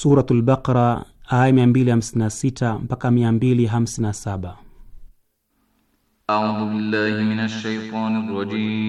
Suratul Baqara aya mia mbili hamsini na sita mpaka 257. A'udhu billahi minash shaitani rajim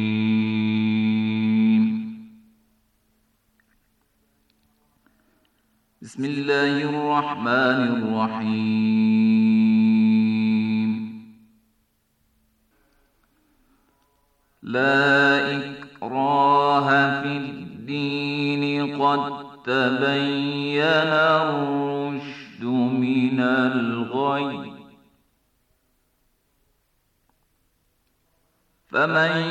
فمن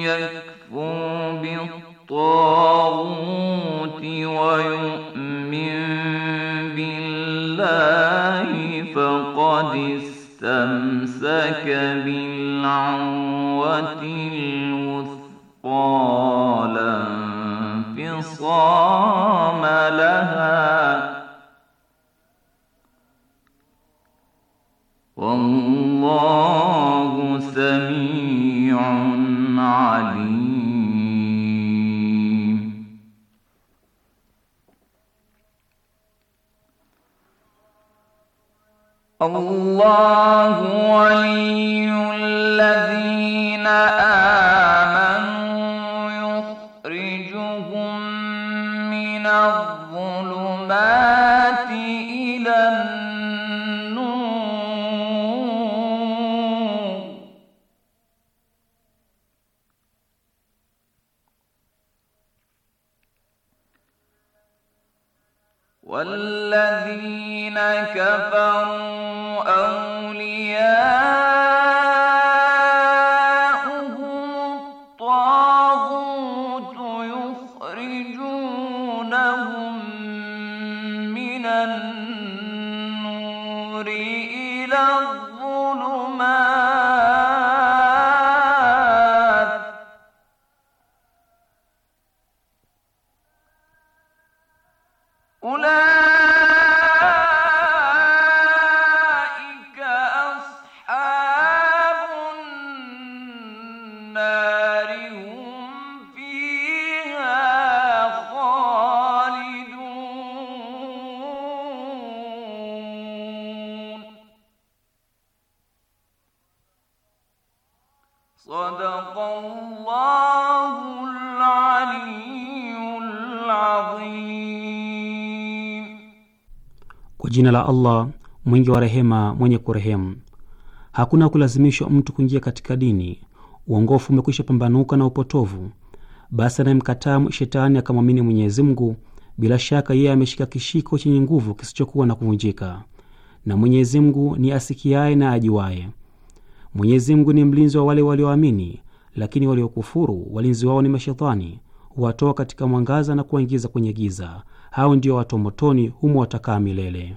يكفر بالطاغوت ويؤمن بالله فقد استمسك بالعروة الوثقى لا انفصام لها والله سميع عليم الله ولي الذين آمنوا Kwa jina la Allah mwingi wa rehema, mwenye kurehemu. Hakuna kulazimishwa mtu kuingia katika dini. Uongofu umekwisha pambanuka na upotovu. Basi anayemkataa shetani akamwamini Mwenyezi Mungu, bila shaka yeye ameshika kishiko chenye nguvu kisichokuwa na kuvunjika, na Mwenyezi Mungu ni asikiaye na ajuaye. Mwenyezi Mungu ni mlinzi wa wale walioamini, lakini waliokufuru walinzi wao ni mashetani, huwatoa katika mwangaza na kuwaingiza kwenye giza. Hao ndio watu motoni humo watakaa milele.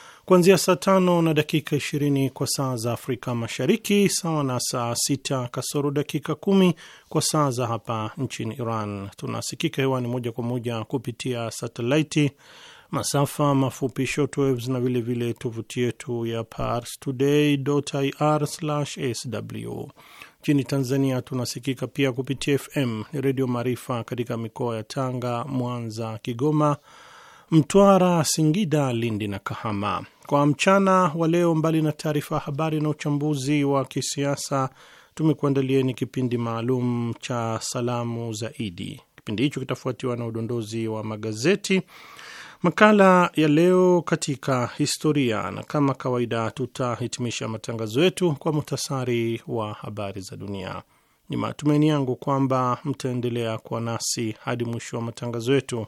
kuanzia saa tano na dakika ishirini kwa saa za Afrika Mashariki, sawa na saa sita kasoro dakika kumi kwa saa za hapa nchini Iran. Tunasikika hewani moja kwa moja kupitia satelaiti, masafa mafupi shortwaves, na vilevile tovuti yetu ya parstoday.ir/sw. Nchini Tanzania tunasikika pia kupitia FM ni Redio Maarifa katika mikoa ya Tanga, Mwanza, Kigoma, Mtwara, Singida, Lindi na Kahama. Kwa mchana wa leo, mbali na taarifa ya habari na uchambuzi wa kisiasa, tumekuandalieni kipindi maalum cha salamu zaidi Kipindi hicho kitafuatiwa na udondozi wa magazeti, makala ya leo katika historia, na kama kawaida tutahitimisha matangazo yetu kwa muhtasari wa habari za dunia. Ni matumaini yangu kwamba mtaendelea kuwa nasi hadi mwisho wa matangazo yetu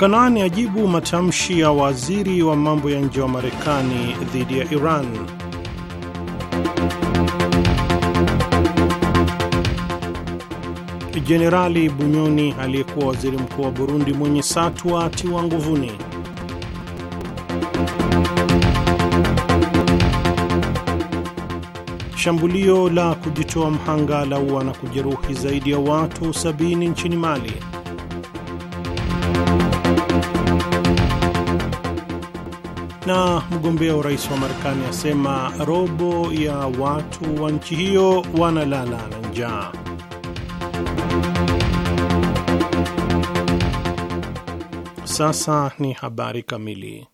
kanaani ajibu matamshi ya waziri wa mambo ya nje wa Marekani dhidi ya Iran. Jenerali Bunyoni aliyekuwa waziri mkuu wa Burundi mwenye satwa atiwa nguvuni. Shambulio la kujitoa mhanga la ua na kujeruhi zaidi ya watu 70 nchini Mali. na mgombea urais wa Marekani asema robo ya watu wa nchi hiyo wanalala na njaa. Sasa ni habari kamili.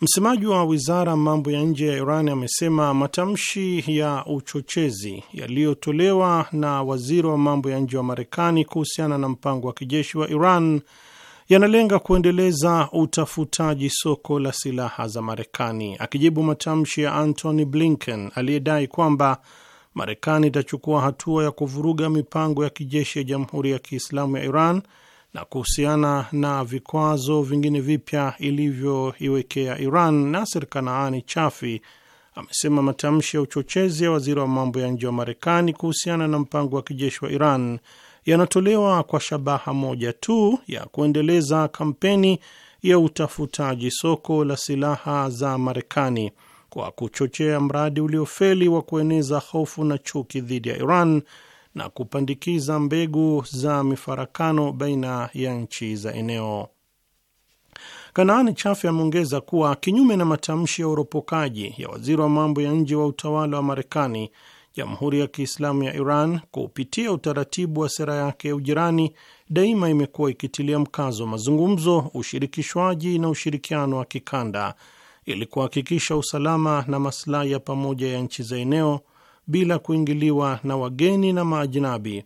Msemaji wa wizara mambo ya nje ya Iran amesema matamshi ya uchochezi yaliyotolewa na waziri wa mambo ya nje wa Marekani kuhusiana na mpango wa kijeshi wa Iran yanalenga kuendeleza utafutaji soko la silaha za Marekani. Akijibu matamshi ya Antony Blinken aliyedai kwamba Marekani itachukua hatua ya kuvuruga mipango ya kijeshi ya Jamhuri ya Kiislamu ya Iran na kuhusiana na vikwazo vingine vipya ilivyoiwekea Iran, Nasir Kanaani Chafi amesema matamshi ya uchochezi ya waziri wa mambo ya nje wa Marekani kuhusiana na mpango wa kijeshi wa Iran yanatolewa kwa shabaha moja tu ya kuendeleza kampeni ya utafutaji soko la silaha za Marekani kwa kuchochea mradi uliofeli wa kueneza hofu na chuki dhidi ya Iran na kupandikiza mbegu za mifarakano baina ya nchi za eneo. Kanaani Chafe ameongeza kuwa kinyume na matamshi ya uropokaji ya waziri wa mambo ya nje wa utawala wa Marekani, Jamhuri ya Kiislamu ya Iran kupitia utaratibu wa sera yake ya ujirani daima imekuwa ikitilia mkazo mazungumzo, ushirikishwaji na ushirikiano wa kikanda ili kuhakikisha usalama na maslahi ya pamoja ya nchi za eneo bila kuingiliwa na wageni na maajinabi,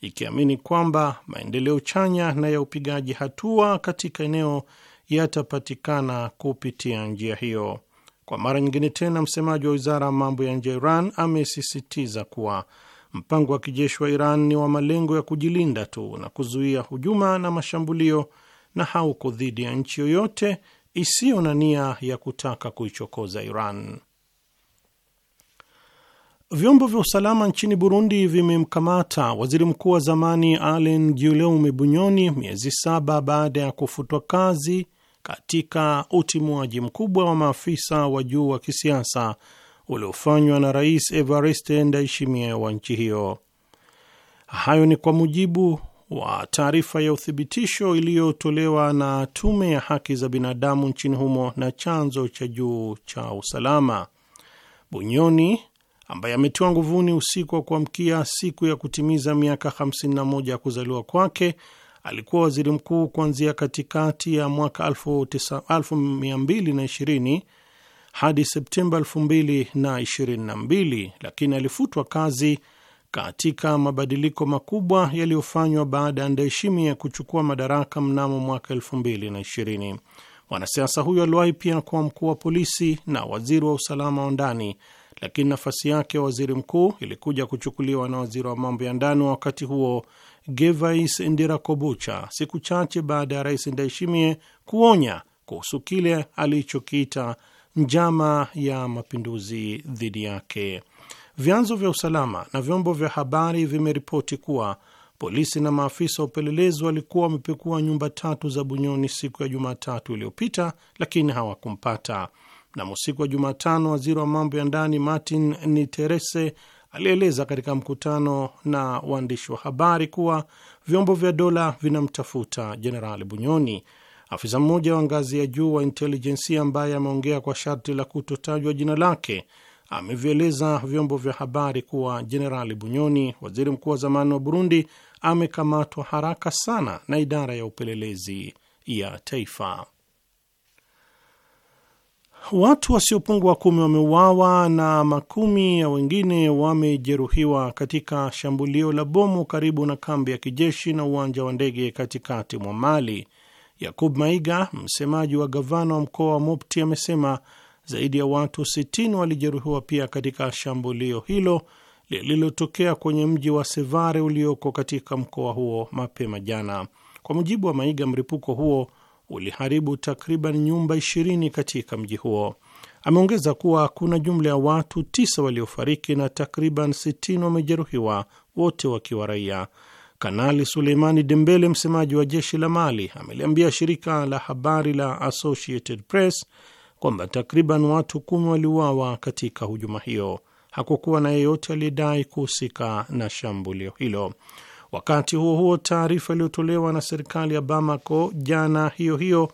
ikiamini kwamba maendeleo chanya na ya upigaji hatua katika eneo yatapatikana kupitia njia hiyo. Kwa mara nyingine tena, msemaji wa wizara ya mambo ya nje ya Iran amesisitiza kuwa mpango wa kijeshi wa Iran ni wa malengo ya kujilinda tu na kuzuia hujuma na mashambulio na hauko dhidi ya nchi yoyote isiyo na nia ya kutaka kuichokoza Iran. Vyombo vya usalama nchini Burundi vimemkamata waziri mkuu wa zamani Alain Guillaume Bunyoni miezi saba baada ya kufutwa kazi katika utimuaji mkubwa wa maafisa wa juu wa kisiasa uliofanywa na Rais Evariste Ndayishimiye wa nchi hiyo. Hayo ni kwa mujibu wa taarifa ya uthibitisho iliyotolewa na tume ya haki za binadamu nchini humo na chanzo cha juu cha usalama. Bunyoni ambaye ametiwa nguvuni usiku wa kuamkia siku ya kutimiza miaka 51 ya kuzaliwa kwake Alikuwa waziri mkuu kuanzia katikati ya mwaka 1220 hadi Septemba 2022, lakini alifutwa kazi katika mabadiliko makubwa yaliyofanywa baada ya Ndayishimiye kuchukua madaraka mnamo mwaka 2020. Mwanasiasa huyo aliwahi pia kuwa mkuu wa polisi na waziri wa usalama wa ndani, lakini nafasi yake ya waziri mkuu ilikuja kuchukuliwa na waziri wa mambo ya ndani wa wakati huo Gervais Kobucha siku chache baada ya Rais Ndayishimiye kuonya kuhusu kile alichokiita njama ya mapinduzi dhidi yake. Vyanzo vya usalama na vyombo vya habari vimeripoti kuwa polisi na maafisa wa upelelezi walikuwa wamepekua nyumba tatu za Bunyoni siku ya Jumatatu iliyopita lakini hawakumpata. Mnamo siku ya Jumatano, waziri wa mambo ya ndani Martin Niterese alieleza katika mkutano na waandishi wa habari kuwa vyombo vya dola vinamtafuta Jenerali Bunyoni. Afisa mmoja wa ngazi ya juu wa intelijensia ambaye ameongea kwa sharti la kutotajwa jina lake amevieleza vyombo vya habari kuwa Jenerali Bunyoni, waziri mkuu wa zamani wa Burundi, amekamatwa haraka sana na idara ya upelelezi ya taifa. Watu wasiopungua kumi wameuawa na makumi ya wengine wamejeruhiwa katika shambulio la bomu karibu na kambi ya kijeshi na uwanja wa ndege katikati mwa Mali. Yakub Maiga, msemaji wa gavana wa mkoa wa Mopti, amesema zaidi ya watu 60 walijeruhiwa pia katika shambulio hilo lililotokea kwenye mji wa Sevare ulioko katika mkoa huo mapema jana. Kwa mujibu wa Maiga, mripuko huo uliharibu takriban nyumba 20 katika mji huo. Ameongeza kuwa kuna jumla ya watu 9 waliofariki na takriban 60 wamejeruhiwa, wote wakiwa raia. Kanali Suleimani Dembele, msemaji wa jeshi la Mali, ameliambia shirika la habari la Associated Press kwamba takriban watu kumi waliuawa katika hujuma hiyo. Hakukuwa na yeyote aliyedai kuhusika na shambulio hilo. Wakati huo huo, taarifa iliyotolewa na serikali ya Bamako jana hiyo hiyo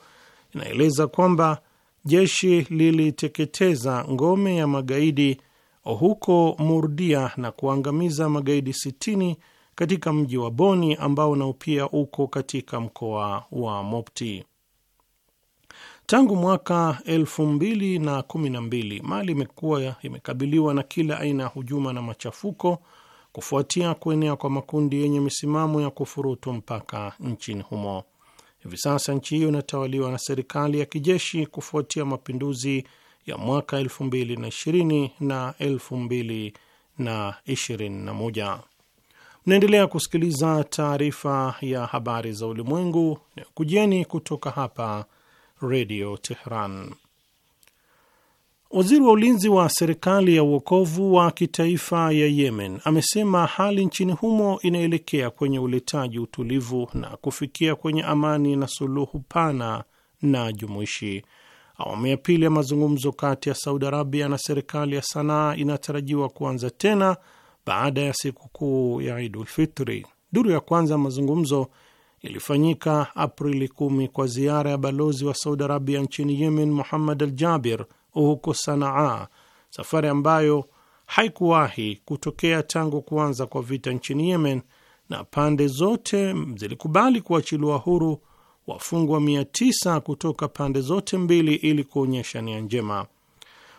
inaeleza kwamba jeshi liliteketeza ngome ya magaidi huko Murdia na kuangamiza magaidi 60 katika mji wa Boni ambao nao pia uko katika mkoa wa Mopti. Tangu mwaka elfu Mali imekuwa imekabiliwa na kila aina ya hujuma na machafuko kufuatia kuenea kwa makundi yenye misimamo ya kufurutu mpaka nchini humo. Hivi sasa nchi hiyo inatawaliwa na serikali ya kijeshi kufuatia mapinduzi ya mwaka 2020 na 2021. Mnaendelea kusikiliza taarifa ya habari za ulimwengu na kujieni kutoka hapa Redio Tehran. Waziri wa ulinzi wa serikali ya uokovu wa kitaifa ya Yemen amesema hali nchini humo inaelekea kwenye uletaji utulivu na kufikia kwenye amani na suluhu pana na jumuishi. Awamu ya pili ya mazungumzo kati ya Saudi Arabia na serikali ya Sanaa inatarajiwa kuanza tena baada ya sikukuu ya Idulfitri. Duru ya kwanza mazungumzo ilifanyika Aprili 10 kwa ziara ya balozi wa Saudi Arabia nchini Yemen, Muhammad Al Jabir huko Sanaa, safari ambayo haikuwahi kutokea tangu kuanza kwa vita nchini Yemen, na pande zote zilikubali kuachiliwa huru wafungwa 900 kutoka pande zote mbili ili kuonyesha nia njema.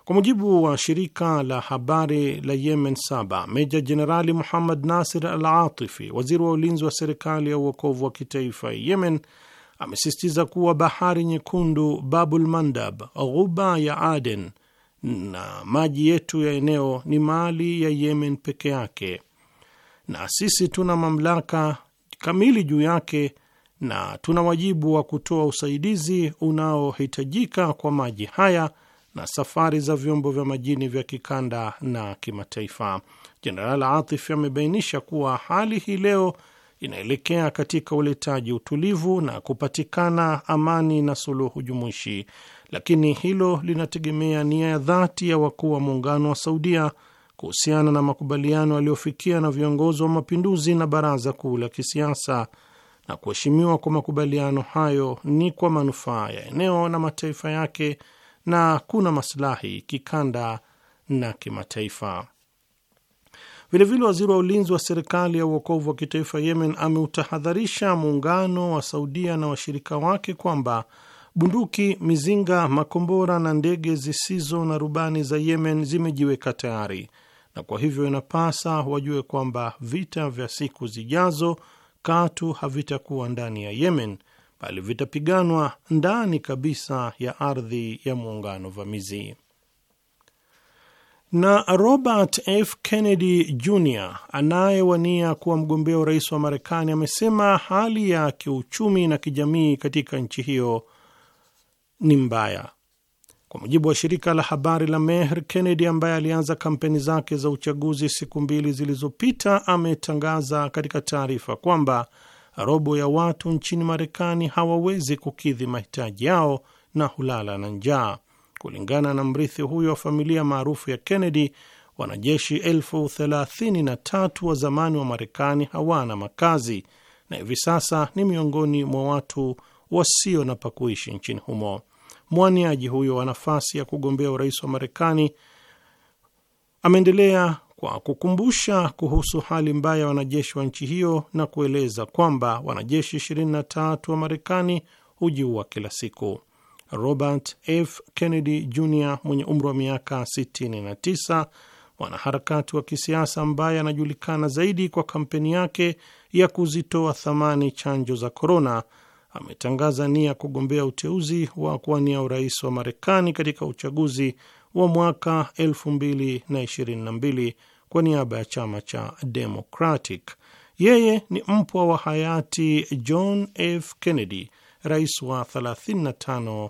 Kwa mujibu wa shirika la habari la Yemen Saba, Meja Jenerali Muhammad Nasir Al Atifi, waziri wa ulinzi wa serikali ya uokovu wa kitaifa ya Yemen, amesisitiza kuwa bahari nyekundu, Babul Mandab, ghuba ya Aden na maji yetu ya eneo ni mali ya Yemen peke yake, na sisi tuna mamlaka kamili juu yake na tuna wajibu wa kutoa usaidizi unaohitajika kwa maji haya na safari za vyombo vya majini vya kikanda na kimataifa. Jenerali Atif amebainisha kuwa hali hii leo inaelekea katika uletaji utulivu na kupatikana amani na suluhu jumuishi, lakini hilo linategemea nia ya dhati ya wakuu wa muungano wa Saudia kuhusiana na makubaliano yaliyofikia na viongozi wa mapinduzi na baraza kuu la kisiasa, na kuheshimiwa kwa makubaliano hayo ni kwa manufaa ya eneo na mataifa yake na kuna masilahi kikanda na kimataifa. Vilevile, waziri wa ulinzi wa serikali ya uokovu wa kitaifa Yemen ameutahadharisha muungano wa Saudia na washirika wake kwamba bunduki, mizinga, makombora na ndege zisizo na rubani za Yemen zimejiweka tayari, na kwa hivyo inapasa wajue kwamba vita vya siku zijazo katu havitakuwa ndani ya Yemen bali vitapiganwa ndani kabisa ya ardhi ya muungano vamizi na Robert F Kennedy Jr anayewania kuwa mgombea urais wa Marekani amesema hali ya kiuchumi na kijamii katika nchi hiyo ni mbaya. Kwa mujibu wa shirika la habari la Mehr, Kennedy ambaye alianza kampeni zake za uchaguzi siku mbili zilizopita ametangaza katika taarifa kwamba robo ya watu nchini Marekani hawawezi kukidhi mahitaji yao na hulala na njaa. Kulingana na mrithi huyo wa familia maarufu ya Kennedy, wanajeshi elfu thelathini na tatu wa zamani wa Marekani hawana makazi na hivi sasa ni miongoni mwa watu wasio na pakuishi nchini humo. Mwaniaji huyo wa nafasi ya kugombea urais wa Marekani ameendelea kwa kukumbusha kuhusu hali mbaya ya wanajeshi wa nchi hiyo na kueleza kwamba wanajeshi 23 wa Marekani hujiua kila siku. Robert F Kennedy Jr mwenye umri wa miaka 69, mwanaharakati wa kisiasa ambaye anajulikana zaidi kwa kampeni yake ya kuzitoa thamani chanjo za korona, ametangaza nia kugombea uteuzi wa kuwania urais wa Marekani katika uchaguzi wa mwaka 2022 kwa niaba ya chama cha Democratic. Yeye ni mpwa wa hayati John F Kennedy, rais wa 35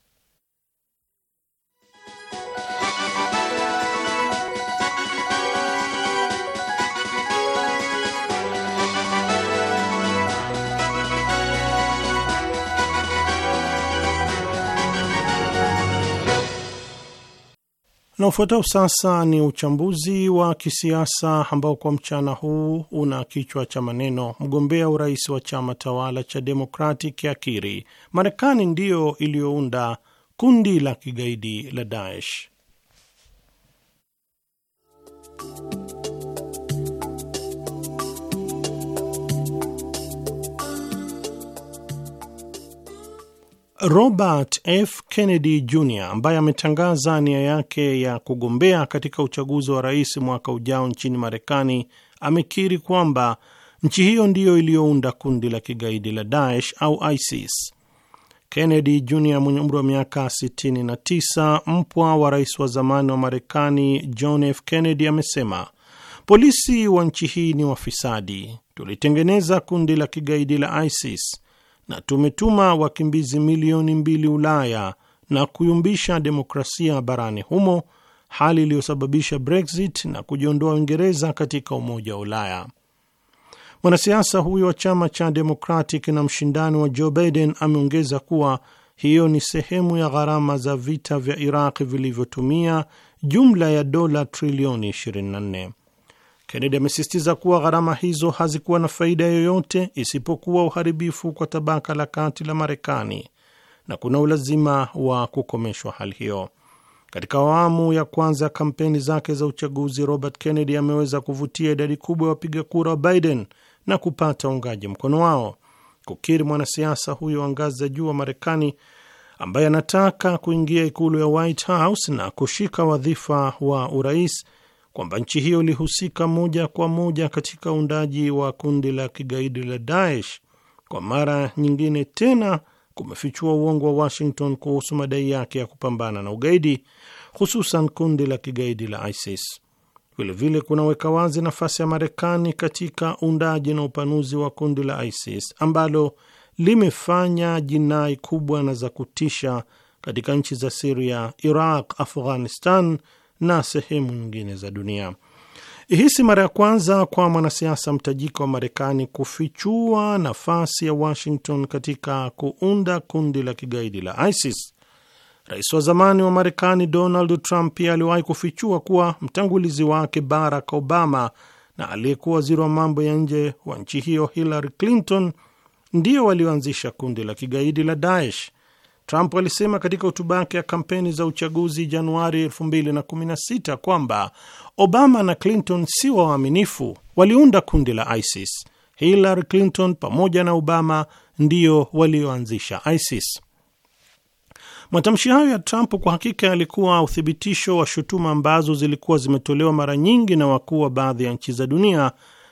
Na ufuatao sasa ni uchambuzi wa kisiasa ambao kwa mchana huu una kichwa cha maneno mgombea urais wa chama tawala cha Democratic yakiri Marekani ndiyo iliyounda kundi la kigaidi la Daesh. Robert F Kennedy Jr ambaye ametangaza nia yake ya kugombea katika uchaguzi wa rais mwaka ujao nchini Marekani amekiri kwamba nchi hiyo ndiyo iliyounda kundi la kigaidi la Daesh au ISIS. Kennedy Jr mwenye umri wa miaka 69, mpwa wa rais wa zamani wa Marekani John F Kennedy, amesema polisi wa nchi hii ni wafisadi, tulitengeneza kundi la kigaidi la ISIS na tumetuma wakimbizi milioni mbili Ulaya na kuyumbisha demokrasia barani humo, hali iliyosababisha Brexit na kujiondoa Uingereza katika Umoja wa Ulaya. Mwanasiasa huyo wa chama cha Democratic na mshindani wa Joe Biden ameongeza kuwa hiyo ni sehemu ya gharama za vita vya Iraq vilivyotumia jumla ya dola trilioni 24. Kennedy amesisitiza kuwa gharama hizo hazikuwa na faida yoyote isipokuwa uharibifu kwa tabaka la kati la Marekani na kuna ulazima wa kukomeshwa hali hiyo. Katika awamu ya kwanza ya kampeni zake za uchaguzi, Robert Kennedy ameweza kuvutia idadi kubwa ya wapiga kura wa Biden na kupata uungaji mkono wao. Kukiri mwanasiasa huyo wa ngazi za juu wa Marekani ambaye anataka kuingia ikulu ya White House na kushika wadhifa wa urais kwamba nchi hiyo ilihusika moja kwa moja katika uundaji wa kundi la kigaidi la Daesh. Kwa mara nyingine tena kumefichua uongo wa Washington kuhusu madai yake ya kupambana na ugaidi, hususan kundi la kigaidi la ISIS. Vilevile kunaweka wazi nafasi ya Marekani katika uundaji na upanuzi wa kundi la ISIS ambalo limefanya jinai kubwa na za kutisha katika nchi za Siria, Iraq, Afghanistan na sehemu nyingine za dunia. Hii si mara ya kwanza kwa mwanasiasa mtajika wa Marekani kufichua nafasi ya Washington katika kuunda kundi la kigaidi la ISIS. Rais wa zamani wa Marekani Donald Trump pia aliwahi kufichua kuwa mtangulizi wake Barack Obama na aliyekuwa waziri wa mambo ya nje wa nchi hiyo Hillary Clinton ndio walioanzisha kundi la kigaidi la Daesh Trump alisema katika hotuba yake ya kampeni za uchaguzi Januari 2016 kwamba Obama na Clinton si waaminifu, waliunda kundi la ISIS. Hillary Clinton pamoja na Obama ndiyo walioanzisha ISIS. Matamshi hayo ya Trump kwa hakika yalikuwa uthibitisho wa shutuma ambazo zilikuwa zimetolewa mara nyingi na wakuu wa baadhi ya nchi za dunia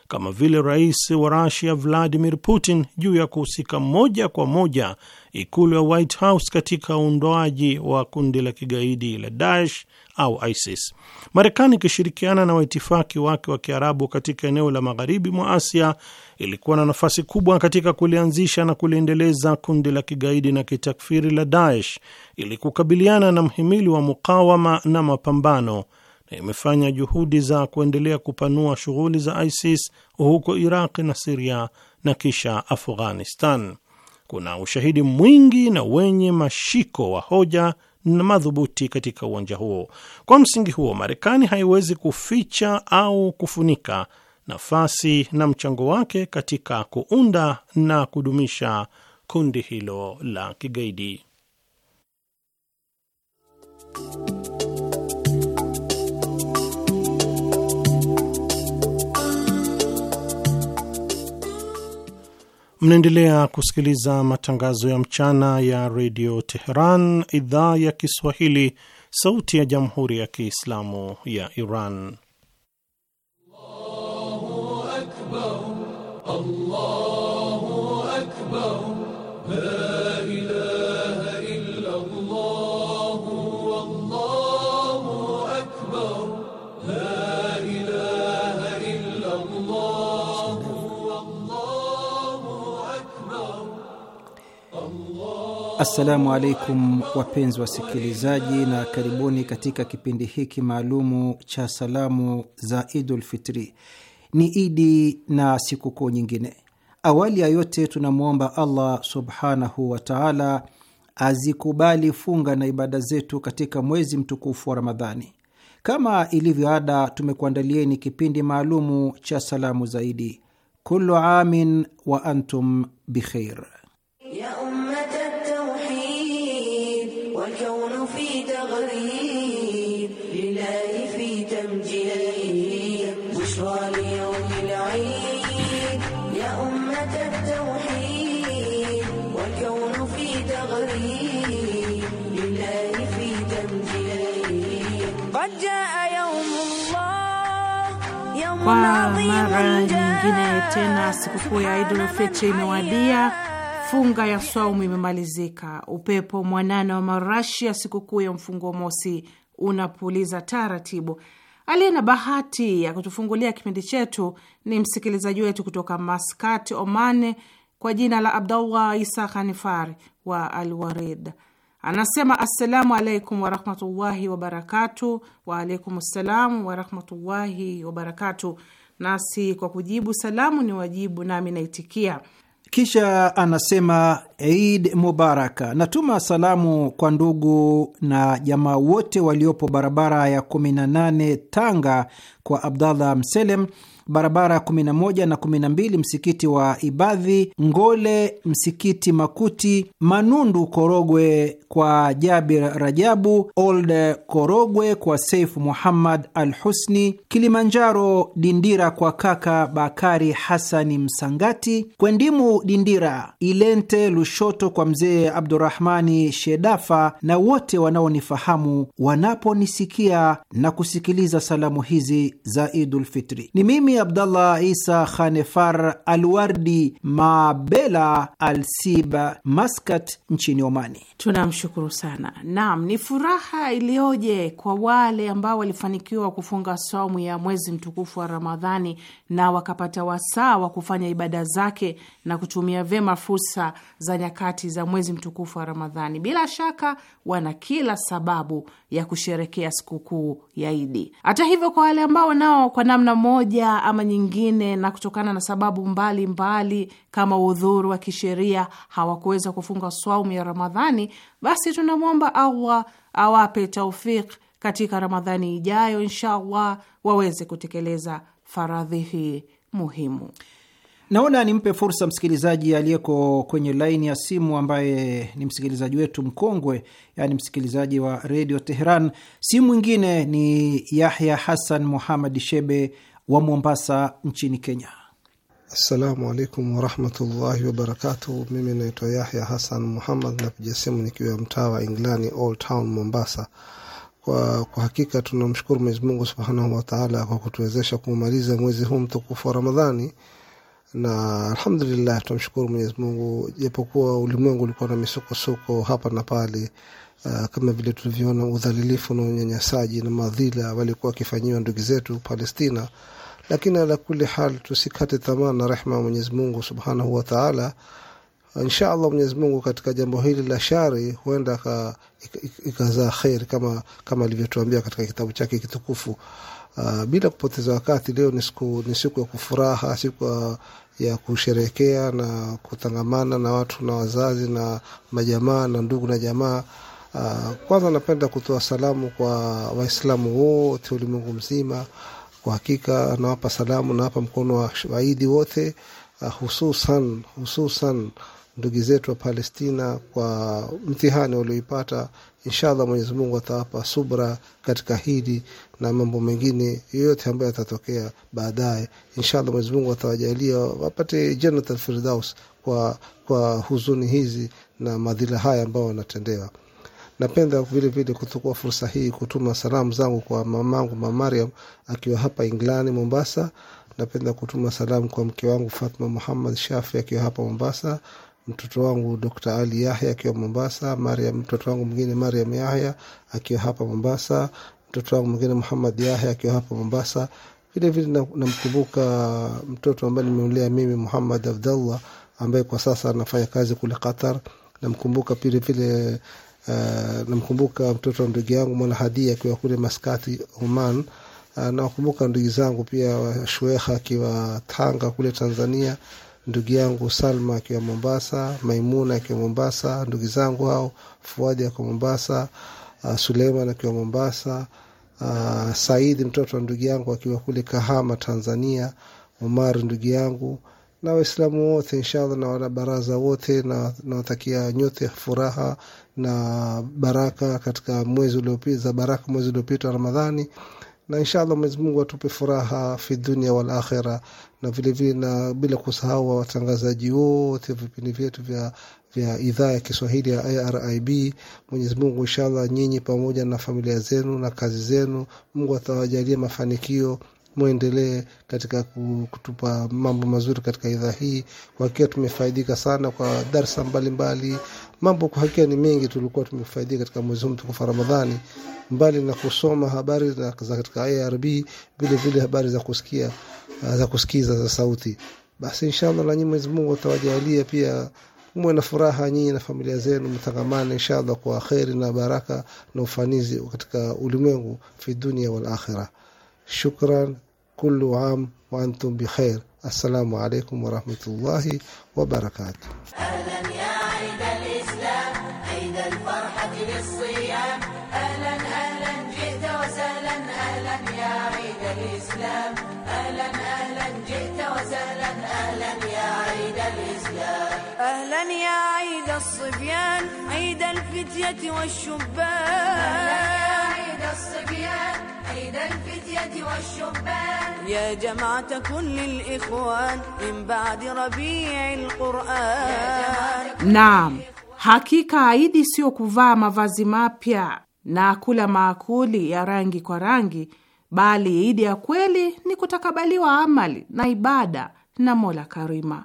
kama vile rais wa Rusia Vladimir Putin juu ya kuhusika moja kwa moja ikulu ya White House katika uundoaji wa kundi la kigaidi la Daesh au ISIS. Marekani ikishirikiana na waitifaki wake wa Kiarabu katika eneo la magharibi mwa Asia ilikuwa na nafasi kubwa katika kulianzisha na kuliendeleza kundi la kigaidi na kitakfiri la Daesh ili kukabiliana na mhimili wa mukawama na mapambano na imefanya juhudi za kuendelea kupanua shughuli za ISIS huko Iraq na Siria na kisha Afghanistan. Kuna ushahidi mwingi na wenye mashiko wa hoja na madhubuti katika uwanja huo. Kwa msingi huo, Marekani haiwezi kuficha au kufunika nafasi na mchango wake katika kuunda na kudumisha kundi hilo la kigaidi. Mnaendelea kusikiliza matangazo ya mchana ya redio Teheran, idhaa ya Kiswahili, sauti ya jamhuri ya kiislamu ya Iran. Allahu akbar, Allah. Assalamu alaikum wapenzi wasikilizaji, na karibuni katika kipindi hiki maalumu cha salamu za idulfitri Ni idi na sikukuu nyingine. Awali ya yote, tunamwomba Allah subhanahu wa taala azikubali funga na ibada zetu katika mwezi mtukufu wa Ramadhani. Kama ilivyo ada, tumekuandalieni kipindi maalumu cha salamu zaidi. Kullu amin wa antum bikheir. Kwa mara nyingine tena sikukuu ya Idul Fitri imewadia, funga ya swaumu imemalizika, upepo mwanana wa marashi ya sikukuu ya mfungo mosi unapuliza taratibu. Aliye na bahati ya kutufungulia kipindi chetu ni msikilizaji wetu kutoka Maskat, Oman, kwa jina la Abdullah Isa Khanifari wa Alwarid. Anasema, assalamu alaikum warahmatullahi wabarakatu. Waalaikum ssalamu warahmatullahi wabarakatu. Nasi kwa kujibu salamu ni wajibu, nami naitikia. Kisha anasema Eid Mubaraka. Natuma salamu kwa ndugu na jamaa wote waliopo barabara ya 18 Tanga kwa Abdallah Mselem, barabara 11 na 12, msikiti wa Ibadhi Ngole, msikiti Makuti, Manundu Korogwe kwa Jabir Rajabu, Old Korogwe kwa Seif Muhammad Al Husni, Kilimanjaro Dindira kwa kaka Bakari Hasani Msangati, Kwendimu Dindira, Ilente Lushoto kwa mzee Abdurahmani Shedafa, na wote wanaonifahamu wanaponisikia na kusikiliza salamu hizi za Idul Fitri. Ni mimi Abdallah Isa Khanefar Alwardi Mabela Alsiba, Maskat nchini Omani. Tunamshukuru sana. Naam, ni furaha iliyoje kwa wale ambao walifanikiwa kufunga somu ya mwezi mtukufu wa Ramadhani na wakapata wasaa wa kufanya ibada zake na kutumia vyema fursa za nyakati za mwezi mtukufu wa Ramadhani. Bila shaka wana kila sababu ya kusherekea sikukuu ya Idi. Hata hivyo, kwa wale ambao nao kwa namna moja ama nyingine, na kutokana na sababu mbalimbali mbali, kama udhuru wa kisheria hawakuweza kufunga swaumu ya Ramadhani, basi tunamwomba Allah awape taufik katika Ramadhani ijayo inshallah waweze kutekeleza faradhi hii muhimu. Naona nimpe fursa msikilizaji aliyeko kwenye laini ya simu ambaye ni msikilizaji wetu mkongwe, yaani msikilizaji wa redio Teheran. Simu ingine ni Yahya Hassan Muhamad Shebe wa Mombasa nchini Kenya. Assalamu alaikum warahmatullahi wabarakatuh. Mimi naitwa Yahya Hassan Muhammad, napiga simu nikiwa mtaa wa Englani, Old Town, Mombasa. Kwa, kwa hakika tunamshukuru Mwenyezi Mungu subhanahu wataala kwa kutuwezesha kumaliza mwezi huu mtukufu wa Ramadhani na alhamdulillah tunamshukuru Mwenyezi Mungu, japokuwa ulimwengu ulikuwa na misukosuko hapa na pale. Uh, kama vile tulivyoona udhalilifu na unyanyasaji na madhila walikuwa wakifanyiwa ndugu zetu Palestina, lakini ala kuli hal tusikate tamaa na rehma ya Mwenyezi Mungu subhanahu wa taala. Insha allah Mwenyezi Mungu katika jambo hili la shari huenda ikazaa ik, ik, khair kama, kama alivyotuambia katika kitabu chake kitukufu. Ah, bila kupoteza wakati, leo ni siku ni siku ya kufuraha, siku ah, ya, ya kusherekea na kutangamana na watu na wazazi na majamaa na ndugu na jamaa. Uh, kwanza napenda kutoa salamu kwa Waislamu wote ulimwengu mzima. Kwa hakika nawapa salamu, nawapa mkono wa waidi wote, uh, hususan hususan ndugu zetu wa Palestina kwa mtihani walioipata. Inshallah Mwenyezi Mungu atawapa subra katika hili na mambo mengine yoyote ambayo yatatokea baadaye. Inshallah, Mwenyezi Mungu atawajalia wapate Jannatul Firdaus kwa, kwa huzuni hizi na madhila haya ambayo wanatendewa. Napenda vilevile kuchukua fursa hii kutuma salamu zangu kwa mamangu Mama Mariam akiwa hapa Inglani, Mombasa. Napenda kutuma salamu kwa mke wangu Fatma Muhammad Shafi akiwa hapa Mombasa, mtoto wangu Dr Ali Yahya akiwa Mombasa, Mariam, mtoto wangu mwingine Mariam Yahya akiwa hapa Mombasa, mtoto wangu mwingine Muhamad Yahya akiwa hapa Mombasa. Vilevile namkumbuka na mtoto ambaye nimemlea mimi Muhamad Abdallah ambaye kwa sasa anafanya kazi kule Qatar. Namkumbuka vilevile uh, eh, namkumbuka mtoto wa ndugu yangu Mwana Mwanahadia akiwa kule Maskati, Oman. Uh, nawakumbuka ndugu zangu pia Shuekha akiwa Tanga kule Tanzania, ndugu yangu Salma akiwa Mombasa, Maimuna akiwa Mombasa, ndugu zangu hao Fuadi akiwa Mombasa uh, Suleiman akiwa Mombasa, uh, ah, Saidi mtoto wa ndugu yangu akiwa kule Kahama, Tanzania, Omar ndugu yangu na Waislamu wote inshallah na wanabaraza wote, na nawatakia nyote furaha na baraka katika mwezi uliopita, za baraka mwezi uliopita Ramadhani na inshallah Mwenyezi Mungu atupe furaha fi dunia wal akhira, na vilevile na bila kusahau watangazaji wote vipindi vyetu vya vya idhaa ya Kiswahili ya IRIB. Mwenyezi Mungu inshallah, nyinyi pamoja na familia zenu na kazi zenu, Mungu atawajalia mafanikio mwendelee katika kutupa mambo mazuri katika idhaa hii. Kwa hakika tumefaidika sana kwa darsa mbalimbali. Mambo kwa hakika ni mengi tulikuwa tumefaidika katika mwezi huu mtukufu wa Ramadhani, mbali na kusoma habari za katika ARB, vile vile habari za kusikia za kusikiza za sauti. Basi inshallah na nyinyi Mwenyezi Mungu atawajalia pia mwe na furaha nyinyi na familia zenu, mtangamane inshallah kwa kheri na baraka na ufanizi katika ulimwengu fi dunia wal akhirah. شكرا كل عام وأنتم بخير السلام عليكم ورحمة الله وبركاته أهلا يا عيد الإسلام عيد الفرحة بالصيام أهلا أهلا جئت وسهلا أهلا يا عيد الإسلام أهلا أهلا جئت وسهلا أهلا يا عيد الإسلام أهلا يا عيد الصبيان عيد الفتية والشبان أهلا يا عيد الصبيان من الفتية والشبان يا جماعة كل الإخوان من بعد ربيع القرآن نعم Hakika Aidi siyo kuvaa mavazi mapya na kula maakuli ya rangi kwa rangi, bali Idi ya kweli ni kutakabaliwa amali na ibada na Mola Karima.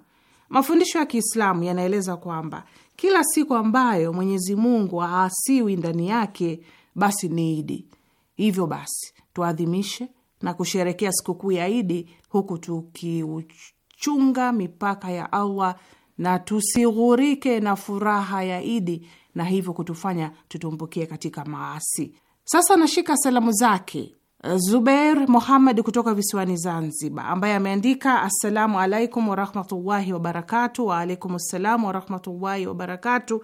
Mafundisho ya Kiislamu yanaeleza kwamba kila siku ambayo Mwenyezi Mungu haasiwi ndani yake basi ni Idi. Hivyo basi tuadhimishe na kusherekea sikukuu ya Idi huku tukiuchunga mipaka ya Allah na tusighurike na furaha ya Idi na hivyo kutufanya tutumbukie katika maasi. Sasa nashika salamu zake Zubeir Muhammad kutoka visiwani Zanzibar, ambaye ameandika assalamu alaikum warahmatullahi wabarakatu. Waalaikum ssalamu warahmatullahi wabarakatu.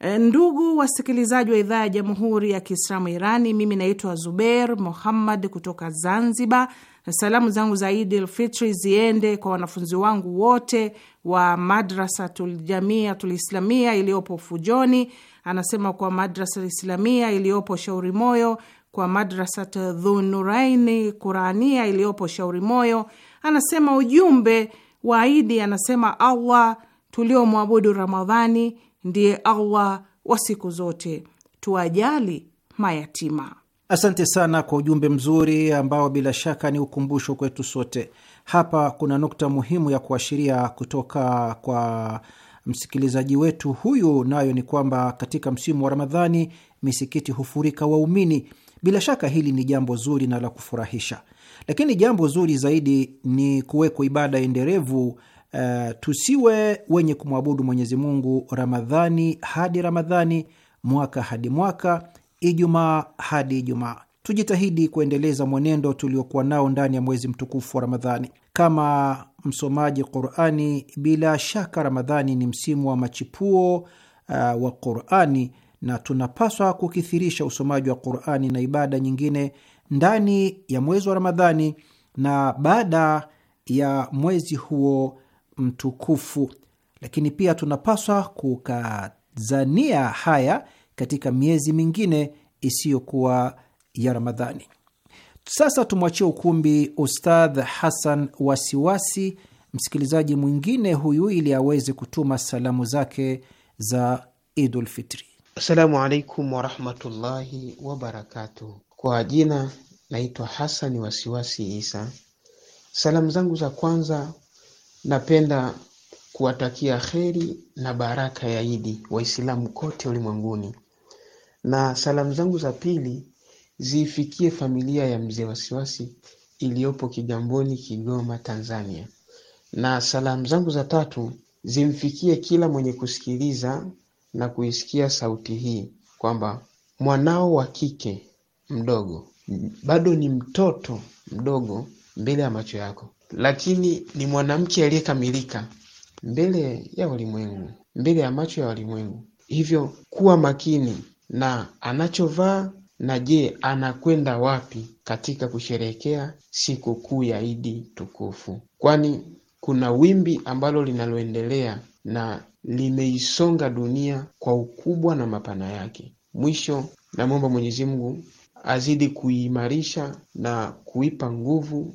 Eh, ndugu wasikilizaji wa idhaa ya Jamhuri ya Kiislamu Irani, mimi naitwa Zuber Muhammad kutoka Zanzibar. Salamu zangu za idi Fitri ziende kwa wanafunzi wangu wote wa Madrasa Tuljamia Tulislamia iliyopo Fujoni, anasema kwa Madrasa Islamia iliyopo Shauri Moyo, kwa madrasa Dhunuraini Qurania iliyopo Shauri Moyo. Anasema ujumbe wa Idi, anasema Allah tuliomwabudu Ramadhani ndiye Allah wa siku zote, tuajali mayatima. Asante sana kwa ujumbe mzuri ambao bila shaka ni ukumbusho kwetu sote. Hapa kuna nukta muhimu ya kuashiria kutoka kwa msikilizaji wetu huyu, nayo ni kwamba katika msimu wa Ramadhani misikiti hufurika waumini. Bila shaka hili ni jambo zuri na la kufurahisha, lakini jambo zuri zaidi ni kuwekwa ibada endelevu Uh, tusiwe wenye kumwabudu Mwenyezi Mungu Ramadhani hadi Ramadhani, mwaka hadi mwaka, Ijumaa hadi Ijumaa. Tujitahidi kuendeleza mwenendo tuliokuwa nao ndani ya mwezi mtukufu wa Ramadhani. Kama msomaji Qurani, bila shaka Ramadhani ni msimu wa machipuo uh, wa Qurani na tunapaswa kukithirisha usomaji wa Qurani na ibada nyingine ndani ya mwezi wa Ramadhani na baada ya mwezi huo mtukufu, lakini pia tunapaswa kukazania haya katika miezi mingine isiyokuwa ya Ramadhani. Sasa tumwachie ukumbi Ustadh Hasan Wasiwasi, msikilizaji mwingine huyu, ili aweze kutuma salamu zake za Idul Fitri. Assalamu alaikum warahmatullahi wabarakatuh. Kwa jina naitwa Hasani Wasiwasi Isa. Salamu zangu za kwanza Napenda kuwatakia kheri na baraka ya Idi Waislamu kote ulimwenguni, na salamu zangu za pili ziifikie familia ya mzee Wasiwasi iliyopo Kigamboni, Kigoma, Tanzania, na salamu zangu za tatu zimfikie kila mwenye kusikiliza na kuisikia sauti hii kwamba mwanao wa kike mdogo bado ni mtoto mdogo mbele ya macho yako lakini ni mwanamke aliyekamilika mbele ya walimwengu, mbele ya macho ya walimwengu. Hivyo kuwa makini na anachovaa na je, anakwenda wapi katika kusherehekea sikukuu ya Idi tukufu, kwani kuna wimbi ambalo linaloendelea na limeisonga dunia kwa ukubwa na mapana yake. Mwisho, namwomba Mwenyezi Mungu azidi kuiimarisha na kuipa nguvu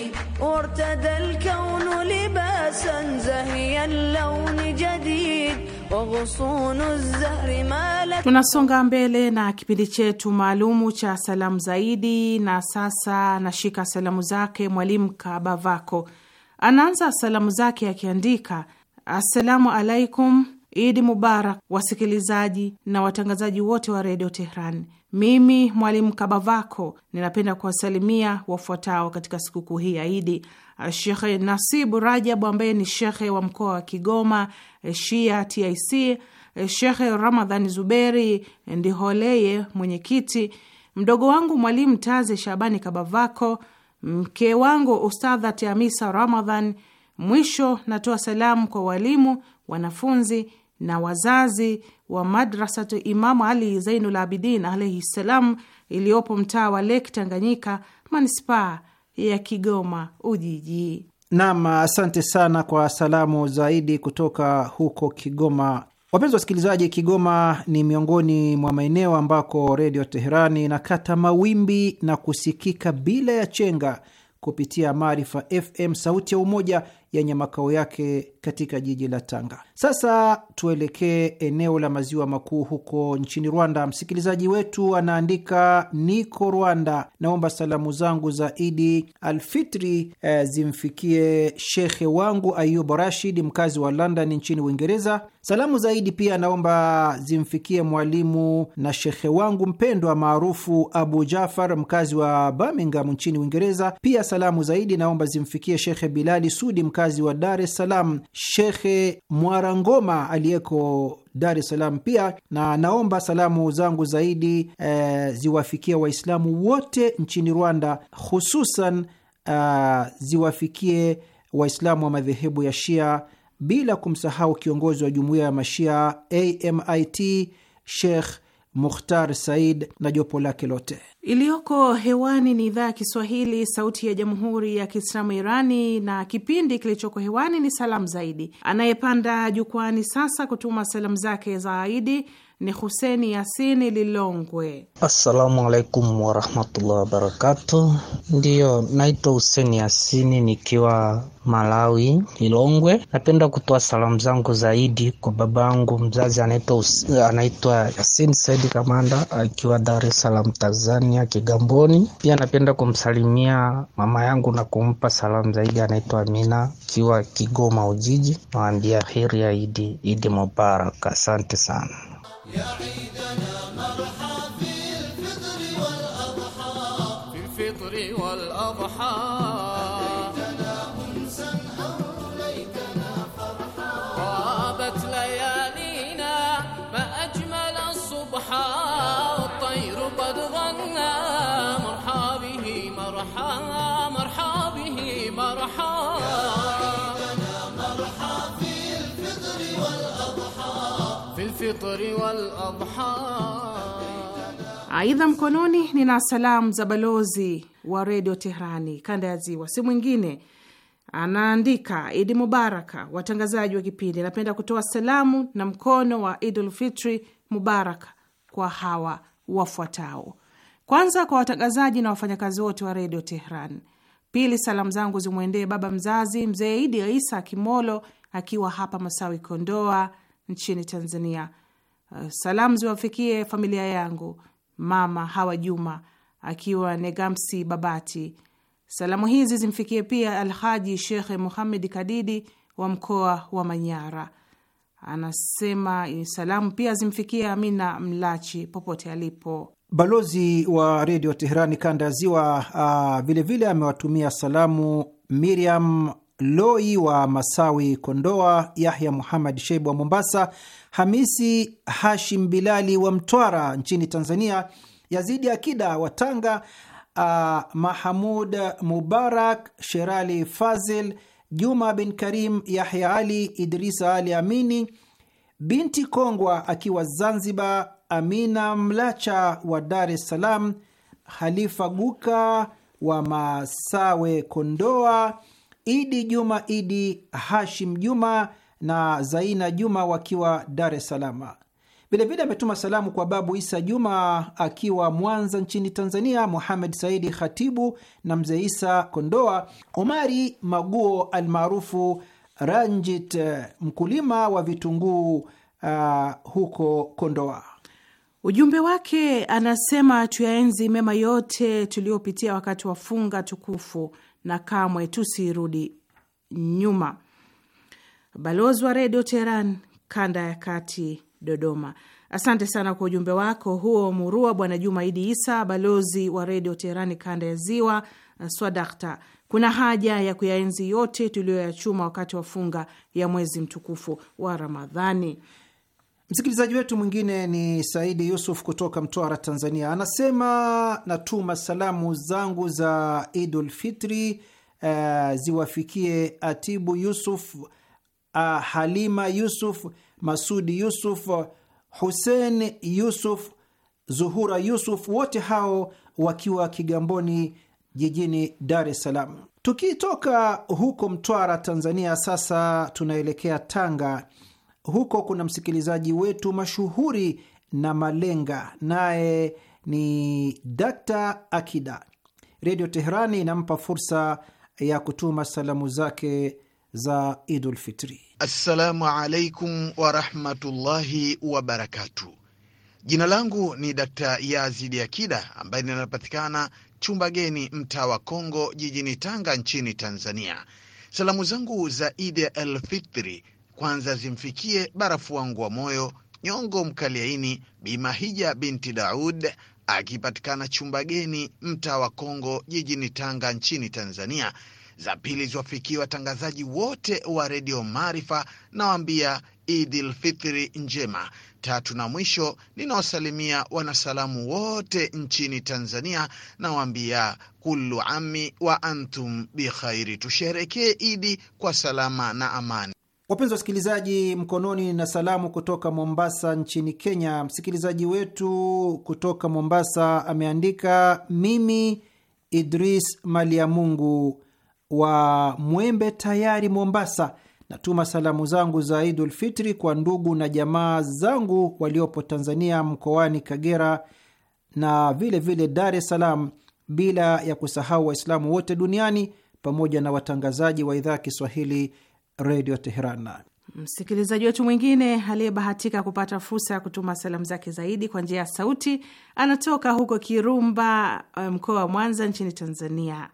وارتدى الكون لباسا زهي اللون جديد Tunasonga mbele na kipindi chetu maalumu cha salamu zaidi, na sasa nashika salamu zake Mwalimu Kabavako. Anaanza salamu zake akiandika, assalamu alaikum Idi Mubarak wasikilizaji na watangazaji wote wa redio Tehran. Mimi Mwalimu Kabavako ninapenda kuwasalimia wafuatao katika sikukuu hii ya Idi: ah, Shekhe Nasibu Rajabu ambaye ni shekhe wa mkoa wa Kigoma eh, Shia TIC, eh, Shekhe Ramadhani Zuberi eh, Ndiholeye mwenyekiti, mdogo wangu Mwalimu Taze Shabani Kabavako, mke wangu Ustadha Tiamisa Ramadhan. Mwisho natoa salamu kwa walimu, wanafunzi na wazazi wa Madrasatu Imamu Ali Zainul Abidin alaihi ssalam iliyopo mtaa wa Lake Tanganyika, manispaa ya Kigoma Ujiji. Nam, asante sana kwa salamu zaidi kutoka huko Kigoma. Wapenzi wasikilizaji, Kigoma ni miongoni mwa maeneo ambako Redio Teherani inakata mawimbi na kusikika bila ya chenga kupitia Maarifa FM, sauti ya Umoja yenye makao yake katika jiji la Tanga. Sasa tuelekee eneo la maziwa makuu huko nchini Rwanda. Msikilizaji wetu anaandika, niko Rwanda, naomba salamu zangu za Idi Alfitri eh, zimfikie shekhe wangu Ayub Rashid, mkazi wa London nchini Uingereza. Salamu zaidi pia naomba zimfikie mwalimu na shekhe wangu mpendwa maarufu Abu Jafar, mkazi wa Birmingham nchini Uingereza. Pia salamu zaidi naomba zimfikie shekhe Bilali Sudi, mkazi mkazi wa Dar es Salaam, Shekhe Mwarangoma aliyeko Dar es Salaam pia, na naomba salamu zangu zaidi e, ziwafikie Waislamu wote nchini Rwanda, hususan e, ziwafikie Waislamu wa madhehebu ya Shia bila kumsahau kiongozi wa jumuiya ya Mashia AMIT Shekh Mukhtar Said na jopo lake lote. Iliyoko hewani ni idhaa ya Kiswahili, Sauti ya Jamhuri ya Kiislamu Irani, na kipindi kilichoko hewani ni Salamu Zaidi. Anayepanda jukwani sasa kutuma salamu zake zaidi ni Huseni Yasini Lilongwe. Assalamu alaikum warahmatullahi wabarakatu. Ndiyo, naitwa Huseni Yasini nikiwa Malawi, ilongwe Napenda kutoa salamu zangu zaidi kwa babangu mzazi anaitwa anaitwa Yasin Saidi Kamanda akiwa Dar es Salaam Tanzania, Kigamboni. Pia napenda kumsalimia mama yangu na kumpa salamu zaidi anaitwa Amina akiwa Kigoma Ujiji. Nawaambia heri ya Idi, Idi Mubarak. Asante sana. Aidha, mkononi nina salamu za balozi wa redio Tehrani kanda ya Ziwa, si mwingine anaandika Idi Mubaraka, watangazaji wa kipindi, napenda kutoa salamu na mkono wa Idul Fitri Mubaraka kwa hawa wafuatao: kwanza kwa watangazaji na wafanyakazi wote wa redio Tehran. Pili, salamu zangu zimwendee baba mzazi mzee Idi Isa Kimolo akiwa hapa Masawi, Kondoa nchini Tanzania. Uh, salamu ziwafikie familia yangu, mama Hawa Juma akiwa Negamsi Babati. Salamu hizi zimfikie pia Alhaji Shekhe Muhamed Kadidi wa mkoa wa Manyara. Anasema salamu pia zimfikie Amina Mlachi popote alipo. Balozi wa redio Teherani kanda ya Ziwa vilevile ah, amewatumia salamu Miriam Loi wa Masawi, Kondoa, Yahya Muhamad shebu wa Mombasa, Hamisi Hashim Bilali wa Mtwara nchini Tanzania, Yazidi Akida wa Tanga, ah, Mahamud Mubarak, Sherali Fazil, Juma bin Karim, Yahya Ali, Idrisa Ali Amini, binti Kongwa akiwa Zanzibar Amina Mlacha wa Dar es Salaam, Halifa Guka wa Masawe, Kondoa, Idi Juma Idi, Hashim Juma na Zaina Juma wakiwa Dar es Salaam. Vilevile ametuma salamu kwa Babu Isa Juma akiwa Mwanza nchini Tanzania, Muhamed Saidi Khatibu na Mzee Isa Kondoa, Omari Maguo almaarufu Ranjit, mkulima wa vitunguu uh, huko Kondoa. Ujumbe wake anasema, tuyaenzi mema yote tuliyopitia wakati wa funga tukufu na kamwe tusirudi nyuma. Balozi wa Redio Teheran kanda ya kati Dodoma. Asante sana kwa ujumbe wako huo murua, Bwana Juma Idi Isa, balozi wa Redio Teherani kanda ya Ziwa. Eh, Swadakta, kuna haja ya kuyaenzi yote tuliyoyachuma wakati wa funga ya mwezi mtukufu wa Ramadhani. Msikilizaji wetu mwingine ni Saidi Yusuf kutoka Mtwara, Tanzania, anasema natuma salamu zangu za Idul Fitri uh, ziwafikie Atibu Yusuf, uh, Halima Yusuf, Masudi Yusuf, Husein Yusuf, Zuhura Yusuf, wote hao wakiwa Kigamboni jijini Dar es Salaam. Tukitoka huko Mtwara, Tanzania, sasa tunaelekea Tanga huko kuna msikilizaji wetu mashuhuri na malenga, naye ni Dakta Akida. Redio Teherani inampa fursa ya kutuma salamu zake za Idul Fitri. Assalamu alaikum warahmatullahi wabarakatu. Jina langu ni Dakta Yazidi Akida ambaye ninapatikana chumba geni mtaa wa Kongo jijini Tanga nchini Tanzania. Salamu zangu za Idi el kwanza zimfikie barafu wangu wa moyo nyongo mkaliaini Bimahija binti Daud akipatikana chumba geni mtaa wa Kongo jijini Tanga nchini Tanzania. Za pili ziwafikie watangazaji wote wa redio Maarifa, nawaambia Idil Fitri njema. Tatu na mwisho ninawasalimia wanasalamu wote nchini Tanzania, nawaambia kullu ami wa antum bikhairi. Tusherekee Idi kwa salama na amani. Wapenzi wasikilizaji, mkononi na salamu kutoka Mombasa nchini Kenya. Msikilizaji wetu kutoka Mombasa ameandika, mimi Idris Maliamungu wa Mwembe Tayari, Mombasa, natuma salamu zangu za Idul Fitri kwa ndugu na jamaa zangu waliopo Tanzania mkoani Kagera na vilevile Dar es Salaam, bila ya kusahau Waislamu wote duniani pamoja na watangazaji wa idhaa ya Kiswahili Redio Teheran. Msikilizaji wetu mwingine aliyebahatika kupata fursa ya kutuma salamu zake zaidi kwa njia ya sauti anatoka huko Kirumba, eh, mkoa wa Mwanza, nchini Tanzania,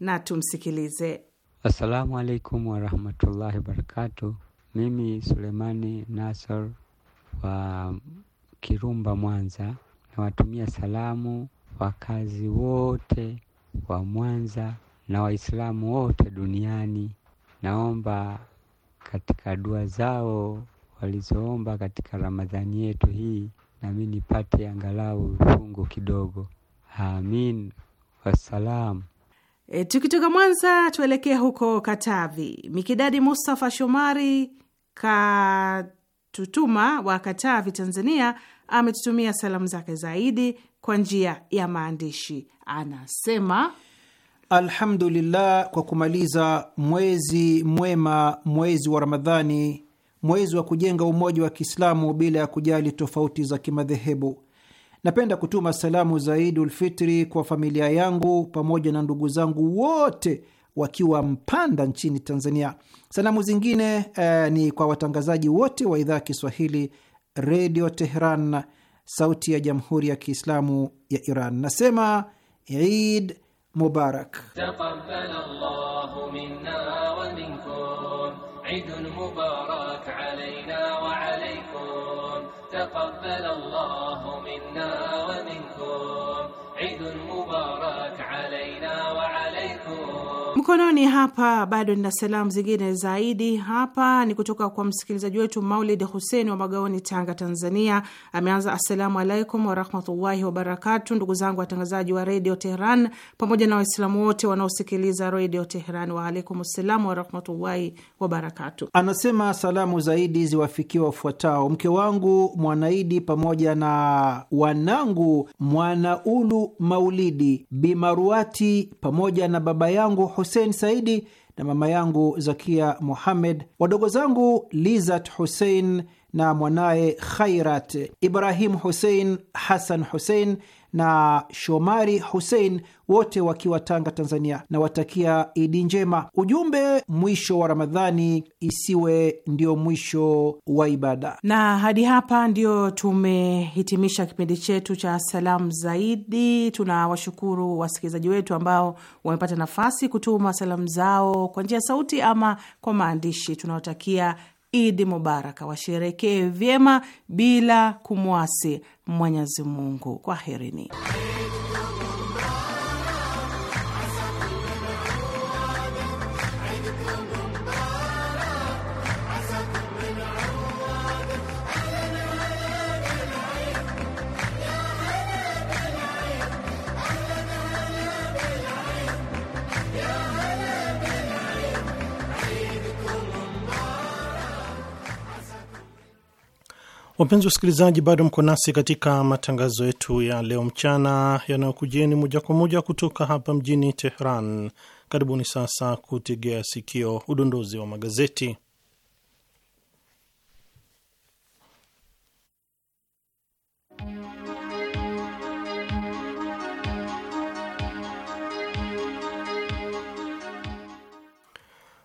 na tumsikilize. Assalamu alaikum warahmatullahi wabarakatu. Mimi Sulemani nasar wa Kirumba, Mwanza, nawatumia salamu wakazi wote wa Mwanza na Waislamu wote duniani Naomba katika dua zao walizoomba katika Ramadhani yetu hii, nami nipate angalau fungu kidogo. Amin, wassalam. E, tukitoka Mwanza tuelekee huko Katavi. Mikidadi Mustafa Shomari Katutuma wa Katavi, Tanzania, ametutumia salamu zake zaidi kwa njia ya maandishi. Anasema Alhamdulillah kwa kumaliza mwezi mwema, mwezi wa Ramadhani, mwezi wa kujenga umoja wa Kiislamu bila ya kujali tofauti za kimadhehebu. Napenda kutuma salamu za Idul Fitri kwa familia yangu pamoja na ndugu zangu wote wakiwa Mpanda nchini Tanzania. Salamu zingine eh, ni kwa watangazaji wote wa idhaa ya Kiswahili Redio Tehran, sauti ya Jamhuri ya Kiislamu ya Iran. Nasema Id مبارك تقبل الله منا ومنكم عيد مبارك علينا وعليكم تقبل الله منا ومنكم عيد مبارك mkononi hapa bado nina salamu zingine zaidi. Hapa ni kutoka kwa msikilizaji wetu Maulid huseni wa Magaoni, Tanga, Tanzania. Ameanza, assalamu alaikum warahmatullahi wabarakatu. Ndugu zangu watangazaji wa redio Tehran pamoja na Waislamu wote wanaosikiliza redio Tehran, waalaikum ssalamu warahmatullahi wabarakatu. Anasema salamu zaidi ziwafikie wafuatao: mke wangu Mwanaidi pamoja na wanangu Mwanaulu Maulidi Bimaruati pamoja na baba yangu Hussein Saidi na mama yangu Zakia muhammed wadogo zangu Lizat Hussein na mwanaye Khairat Ibrahim Hussein, Hassan Hussein na Shomari Hussein, wote wakiwa Tanga, Tanzania. Nawatakia Idi njema. Ujumbe mwisho wa Ramadhani isiwe ndio mwisho wa ibada. Na hadi hapa ndio tumehitimisha kipindi chetu cha salamu zaidi. Tunawashukuru wasikilizaji wetu ambao wamepata nafasi kutuma salamu zao kwa njia sauti ama kwa maandishi. Tunawatakia Idi mubaraka, washerekee vyema bila kumwasi Mwenyezi Mungu. Kwaherini. Wapenzi wasikilizaji, bado mko nasi katika matangazo yetu ya leo mchana yanayokujieni moja kwa moja kutoka hapa mjini Tehran. Karibuni sasa kutegea sikio udondozi wa magazeti.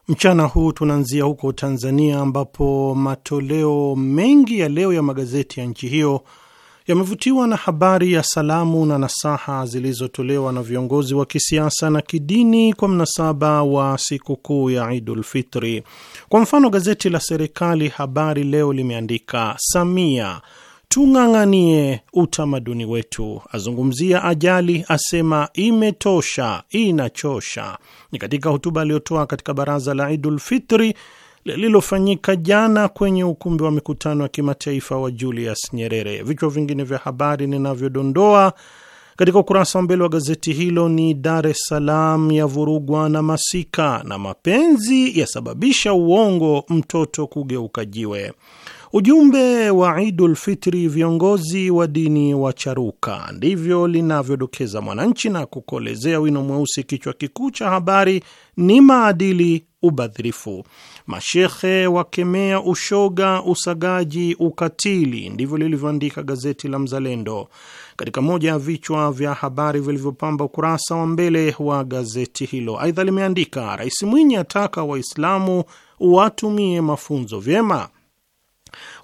Mchana huu tunaanzia huko Tanzania ambapo matoleo mengi ya leo ya magazeti ya nchi hiyo yamevutiwa na habari ya salamu na nasaha zilizotolewa na viongozi wa kisiasa na kidini kwa mnasaba wa sikukuu ya idulfitri Kwa mfano, gazeti la serikali Habari Leo limeandika Samia tung'ang'anie utamaduni wetu. Azungumzia ajali, asema imetosha, inachosha. Ni katika hotuba aliyotoa katika baraza la Idul Fitri lililofanyika jana kwenye ukumbi wa mikutano ya kimataifa wa Julius Nyerere. Vichwa vingine vya habari ninavyodondoa katika ukurasa wa mbele wa gazeti hilo ni Dar es Salaam ya vurugwa na masika, na mapenzi yasababisha uongo mtoto kugeuka jiwe. Ujumbe wa Idul Fitri viongozi wa dini wa charuka, ndivyo linavyodokeza Mwananchi na kukolezea wino mweusi kichwa kikuu cha habari ni maadili ubadhirifu. Mashehe wakemea ushoga, usagaji, ukatili, ndivyo lilivyoandika gazeti la Mzalendo katika moja ya vichwa vya habari vilivyopamba ukurasa wa mbele wa gazeti hilo. Aidha limeandika Rais Mwinyi ataka Waislamu watumie mafunzo vyema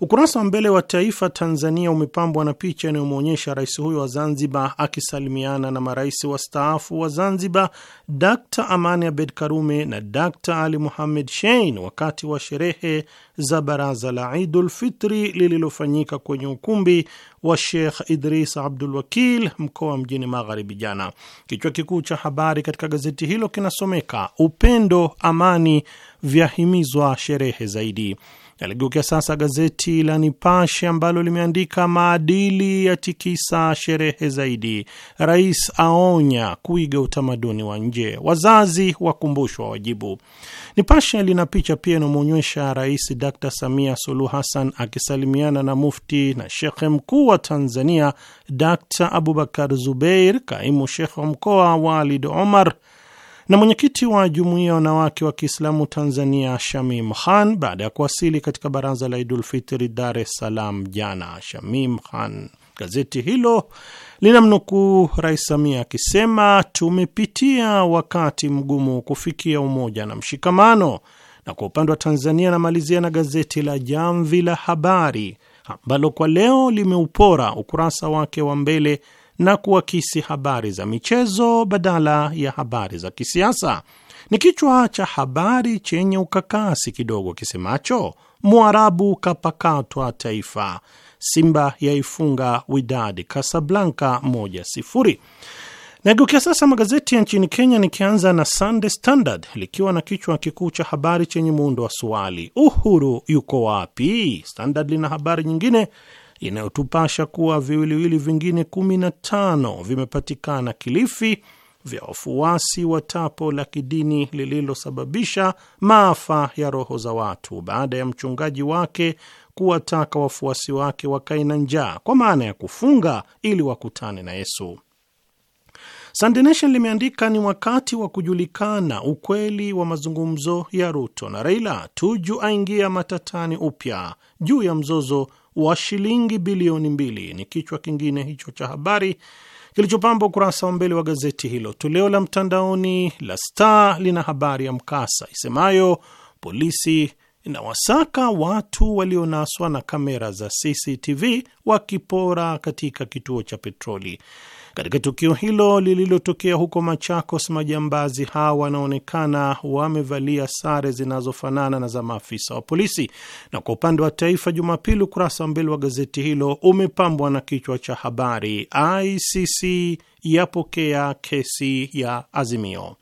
Ukurasa wa mbele wa Taifa Tanzania umepambwa na picha inayomwonyesha rais huyo wa Zanzibar akisalimiana na marais wastaafu wa Zanzibar Dkt Amani Abed Karume na Dkt Ali Muhamed Shein wakati wa sherehe za baraza la idulfitri lililofanyika kwenye ukumbi wa Sheikh Idris Abdul Wakil mkoa mjini Magharibi jana. Kichwa kikuu cha habari katika gazeti hilo kinasomeka upendo, amani vyahimizwa sherehe zaidi. Aligeukia sasa gazeti la Nipashe ambalo limeandika maadili ya tikisa sherehe zaidi, rais aonya kuiga utamaduni wa nje, wazazi wakumbushwa wajibu. Nipashe lina picha pia inamwonyesha Rais Dr Samia Suluhu Hassan akisalimiana na mufti na shekhe mkuu wa Tanzania Dr Abubakar Zubeir, kaimu shekhe wa mkoa Walid Omar na mwenyekiti wa jumuiya ya wanawake wa Kiislamu Tanzania Shamim Khan baada ya kuwasili katika baraza la Idul Fitri Dar es Salaam jana. Shamim Khan, gazeti hilo linamnukuu Rais Samia akisema tumepitia wakati mgumu kufikia umoja na mshikamano. Na kwa upande wa Tanzania namalizia na gazeti la Jamvi la Habari ambalo kwa leo limeupora ukurasa wake wa mbele na kuakisi habari za michezo badala ya habari za kisiasa. Ni kichwa cha habari chenye ukakasi kidogo kisemacho, Mwarabu kapakatwa taifa, Simba yaifunga Widadi Kasablanka moja sifuri. Nageukia sasa magazeti ya nchini Kenya, nikianza na Sunday Standard likiwa na kichwa kikuu cha habari chenye muundo wa swali, Uhuru yuko wapi? Standard lina habari nyingine inayotupasha kuwa viwiliwili vingine 15 vimepatikana Kilifi vya wafuasi wa tapo la kidini lililosababisha maafa ya roho za watu baada ya mchungaji wake kuwataka wafuasi wake wakae na njaa kwa maana ya kufunga ili wakutane na Yesu. Sunday Nation limeandika ni wakati wa kujulikana ukweli wa mazungumzo ya Ruto na Raila. Tuju aingia matatani upya juu ya mzozo wa shilingi bilioni mbili ni kichwa kingine hicho cha habari kilichopamba ukurasa wa mbele wa gazeti hilo. Toleo la mtandaoni la Star lina habari ya mkasa isemayo polisi inawasaka watu walionaswa na kamera za CCTV wakipora katika kituo cha petroli. Katika tukio hilo lililotokea huko Machakos, majambazi hawa wanaonekana wamevalia sare zinazofanana na za maafisa wa polisi. Na kwa upande wa Taifa Jumapili, ukurasa wa mbele wa gazeti hilo umepambwa na kichwa cha habari ICC yapokea kesi ya Azimio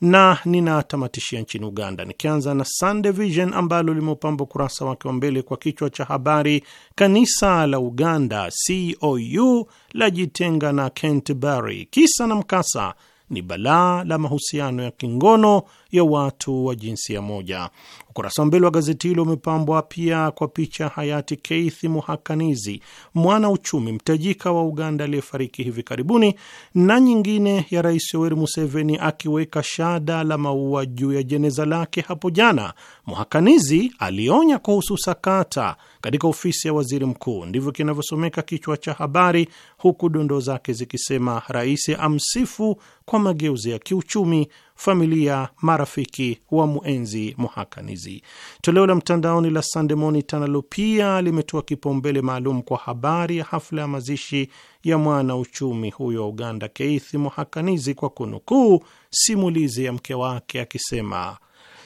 na ninatamatishia nchini Uganda, nikianza na Sunday Vision ambalo limeupamba ukurasa wake wa mbele kwa kichwa cha habari, kanisa la Uganda COU lajitenga na Canterbury. Kisa na mkasa ni balaa la mahusiano ya kingono ya watu wa jinsia moja. Ukurasa wa mbele wa gazeti hilo umepambwa pia kwa picha hayati Keith Muhakanizi, mwana uchumi mtajika wa Uganda aliyefariki hivi karibuni, na nyingine ya Rais Yoweri Museveni akiweka shada la maua juu ya jeneza lake hapo jana. Muhakanizi alionya kuhusu sakata katika ofisi ya waziri mkuu, ndivyo kinavyosomeka kichwa cha habari, huku dondoo zake zikisema rais amsifu kwa mageuzi ya kiuchumi familia, marafiki wa muenzi Muhakanizi. Toleo la mtandaoni la Sunday Monitor nalo pia limetoa kipaumbele maalum kwa habari ya hafla ya mazishi ya mwana uchumi huyo wa Uganda, Keith Muhakanizi, kwa kunukuu simulizi ya mke wake akisema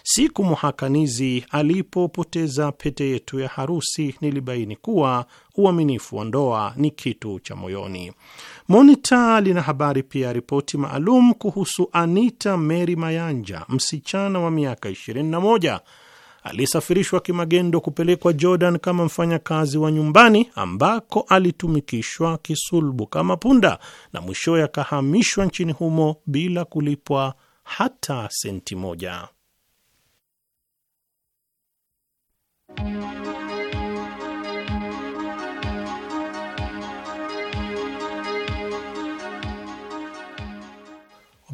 Siku Muhakanizi alipopoteza pete yetu ya harusi, nilibaini kuwa uaminifu wa ndoa ni kitu cha moyoni. Monita lina habari pia ripoti maalum kuhusu Anita Mary Mayanja, msichana wa miaka 21 aliyesafirishwa kimagendo kupelekwa Jordan kama mfanyakazi wa nyumbani ambako alitumikishwa kisulbu kama punda na mwishowe akahamishwa nchini humo bila kulipwa hata senti moja.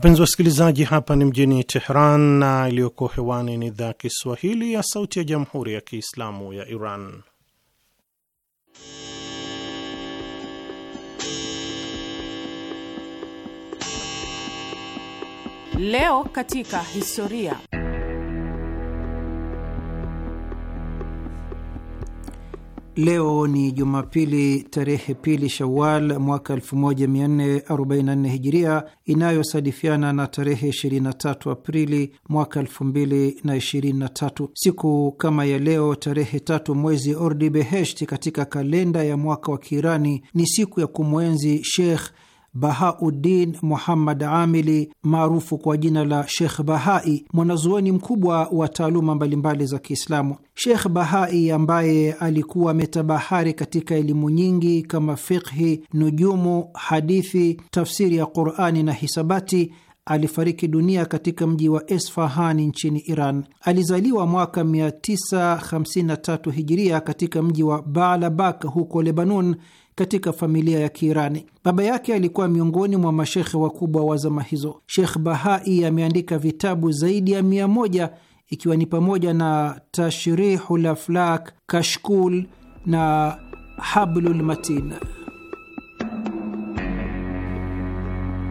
Wapenzi wasikilizaji, hapa ni mjini Tehran na iliyoko hewani ni idhaa Kiswahili ya Sauti ya Jamhuri ya Kiislamu ya Iran. Leo katika historia Leo ni Jumapili tarehe pili Shawal mwaka 1444 Hijiria, inayosadifiana na tarehe 23 Aprili mwaka 2023. Siku kama ya leo tarehe tatu mwezi Ordi Beheshti katika kalenda ya mwaka wa Kiirani ni siku ya kumwenzi Sheikh Bahauddin Muhammad Amili maarufu kwa jina la Shekh Bahai, mwanazuoni mkubwa wa taaluma mbalimbali za Kiislamu. Shekh Bahai ambaye alikuwa ametabahari katika elimu nyingi kama fiqhi, nujumu, hadithi, tafsiri ya Qurani na hisabati alifariki dunia katika mji wa Esfahani nchini Iran. Alizaliwa mwaka 953 hijiria katika mji wa Baalabak huko Lebanon katika familia ya Kiirani. Baba yake alikuwa miongoni mwa mashekhe wakubwa wa zama hizo. Shekh Bahai ameandika vitabu zaidi ya mia moja ikiwa ni pamoja na Tashrihu Laflak, Kashkul na Hablul Matin.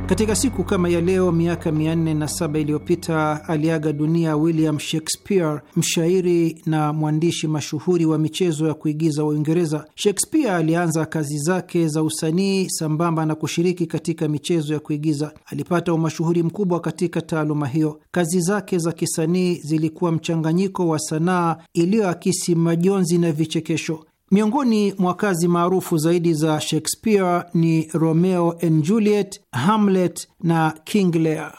Katika siku kama ya leo miaka 407 iliyopita aliaga dunia William Shakespeare, mshairi na mwandishi mashuhuri wa michezo ya kuigiza wa Uingereza. Shakespeare alianza kazi zake za usanii sambamba na kushiriki katika michezo ya kuigiza. Alipata umashuhuri mkubwa katika taaluma hiyo. Kazi zake za kisanii zilikuwa mchanganyiko wa sanaa iliyoakisi majonzi na vichekesho. Miongoni mwa kazi maarufu zaidi za Shakespeare ni Romeo and Juliet, Hamlet na King Lear.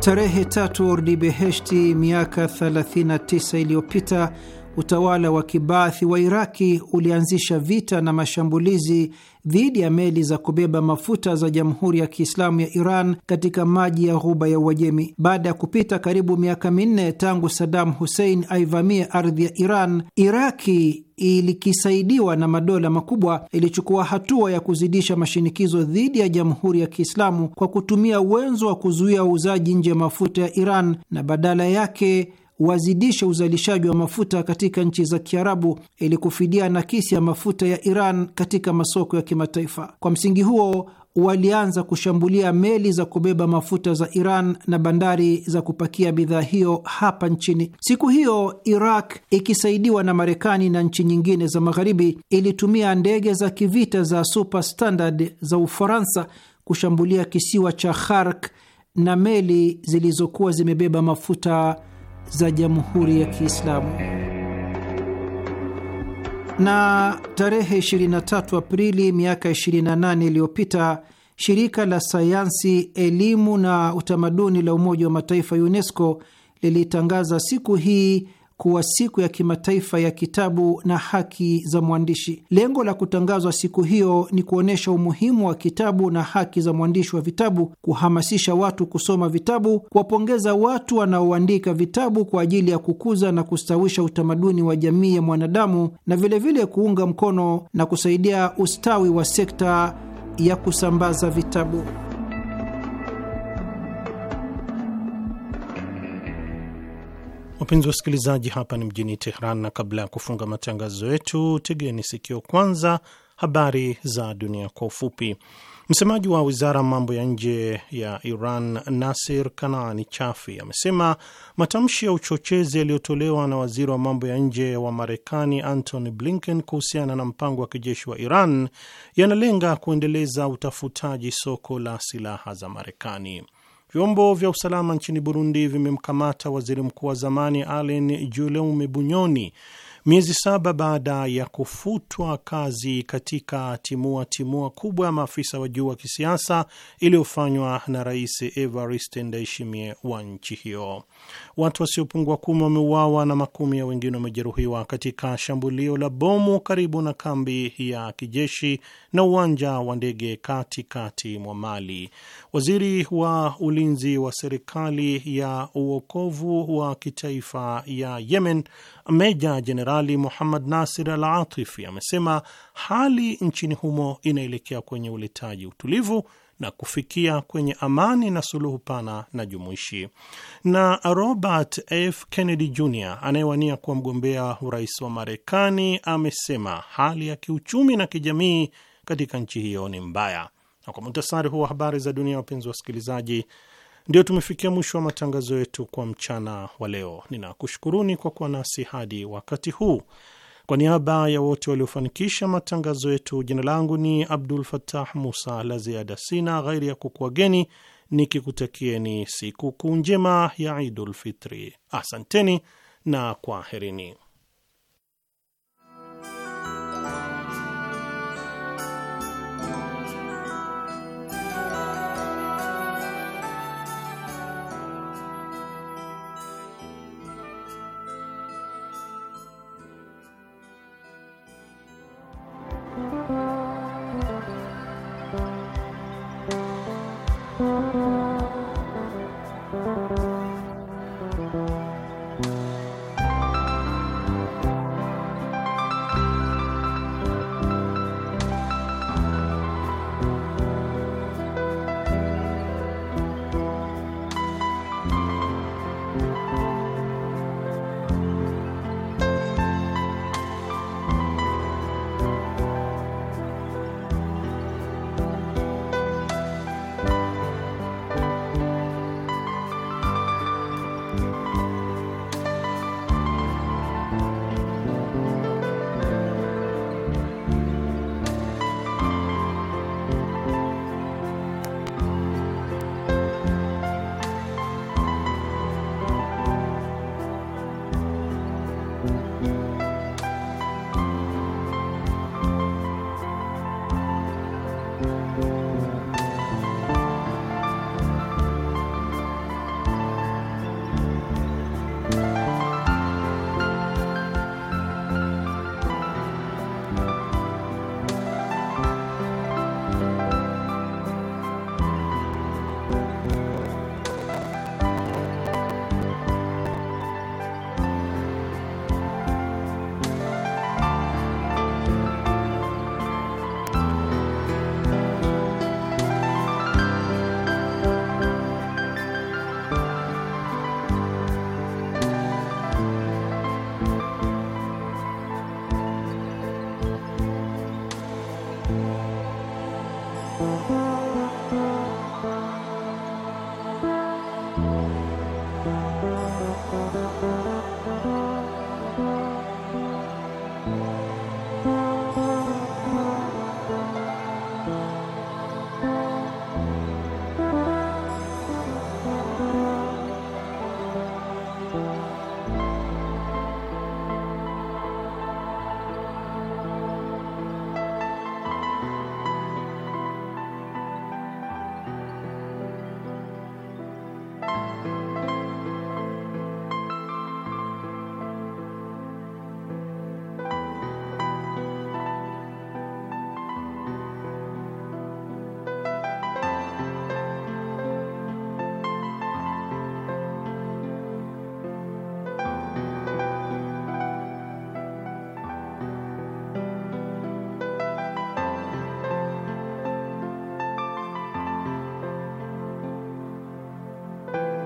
Tarehe tatu Ordibeheshti miaka 39 iliyopita utawala wa Kibathi wa Iraki ulianzisha vita na mashambulizi dhidi ya meli za kubeba mafuta za Jamhuri ya Kiislamu ya Iran katika maji ya Ghuba ya Uajemi. Baada ya kupita karibu miaka minne tangu Saddam Hussein aivamie ardhi ya Iran, Iraki ilikisaidiwa na madola makubwa ilichukua hatua ya kuzidisha mashinikizo dhidi ya Jamhuri ya Kiislamu kwa kutumia wenzo wa kuzuia uuzaji nje ya mafuta ya Iran na badala yake wazidishe uzalishaji wa mafuta katika nchi za Kiarabu ili kufidia nakisi ya mafuta ya Iran katika masoko ya kimataifa. Kwa msingi huo walianza kushambulia meli za kubeba mafuta za Iran na bandari za kupakia bidhaa hiyo hapa nchini. Siku hiyo Iraq ikisaidiwa na Marekani na nchi nyingine za Magharibi ilitumia ndege za kivita za Super Standard za Ufaransa kushambulia kisiwa cha Khark na meli zilizokuwa zimebeba mafuta za Jamhuri ya Kiislamu. Na tarehe 23 Aprili miaka 28 iliyopita shirika la sayansi, elimu na utamaduni la Umoja wa Mataifa, UNESCO, lilitangaza siku hii kuwa siku ya kimataifa ya kitabu na haki za mwandishi. Lengo la kutangazwa siku hiyo ni kuonyesha umuhimu wa kitabu na haki za mwandishi wa vitabu, kuhamasisha watu kusoma vitabu, kuwapongeza watu wanaoandika vitabu kwa ajili ya kukuza na kustawisha utamaduni wa jamii ya mwanadamu, na vilevile vile kuunga mkono na kusaidia ustawi wa sekta ya kusambaza vitabu. Wapenzi wasikilizaji, hapa ni mjini Tehran, na kabla ya kufunga matangazo yetu, tegeni sikio kwanza habari za dunia kwa ufupi. Msemaji wa wizara mambo ya nje ya Iran Nasir Kanaani Chafi amesema matamshi ya uchochezi yaliyotolewa na waziri wa mambo ya nje wa Marekani Antony Blinken kuhusiana na mpango wa kijeshi wa Iran yanalenga kuendeleza utafutaji soko la silaha za Marekani. Vyombo vya usalama nchini Burundi vimemkamata waziri mkuu wa zamani alen Guillaume Bunyoni miezi saba baada ya kufutwa kazi katika timua timua kubwa ya maafisa wa juu wa kisiasa iliyofanywa na Rais Evariste Ndayishimiye wa nchi hiyo. Watu wasiopungua kumi wameuawa na makumi ya wengine wamejeruhiwa katika shambulio la bomu karibu na kambi ya kijeshi na uwanja wa ndege katikati mwa Mali. Waziri wa ulinzi wa serikali ya uokovu wa kitaifa ya Yemen, Meja Jenerali Muhammad Nasir Al Atifi, amesema hali nchini humo inaelekea kwenye uletaji utulivu na kufikia kwenye amani na suluhu pana na jumuishi. Na Robert F Kennedy Jr anayewania kuwa mgombea urais wa Marekani amesema hali ya kiuchumi na kijamii katika nchi hiyo ni mbaya. Na kwa muhtasari huu wa habari za dunia, wapenzi wa wasikilizaji, ndio tumefikia mwisho wa matangazo yetu kwa mchana wa leo. Ninakushukuruni kwa kuwa nasi hadi wakati huu. Kwa niaba ya wote waliofanikisha matangazo yetu, jina langu ni Abdul Fattah Musa. La ziada sina ghairi ya kukuageni nikikutakieni sikukuu njema ya Idul Fitri. Asanteni na kwaherini.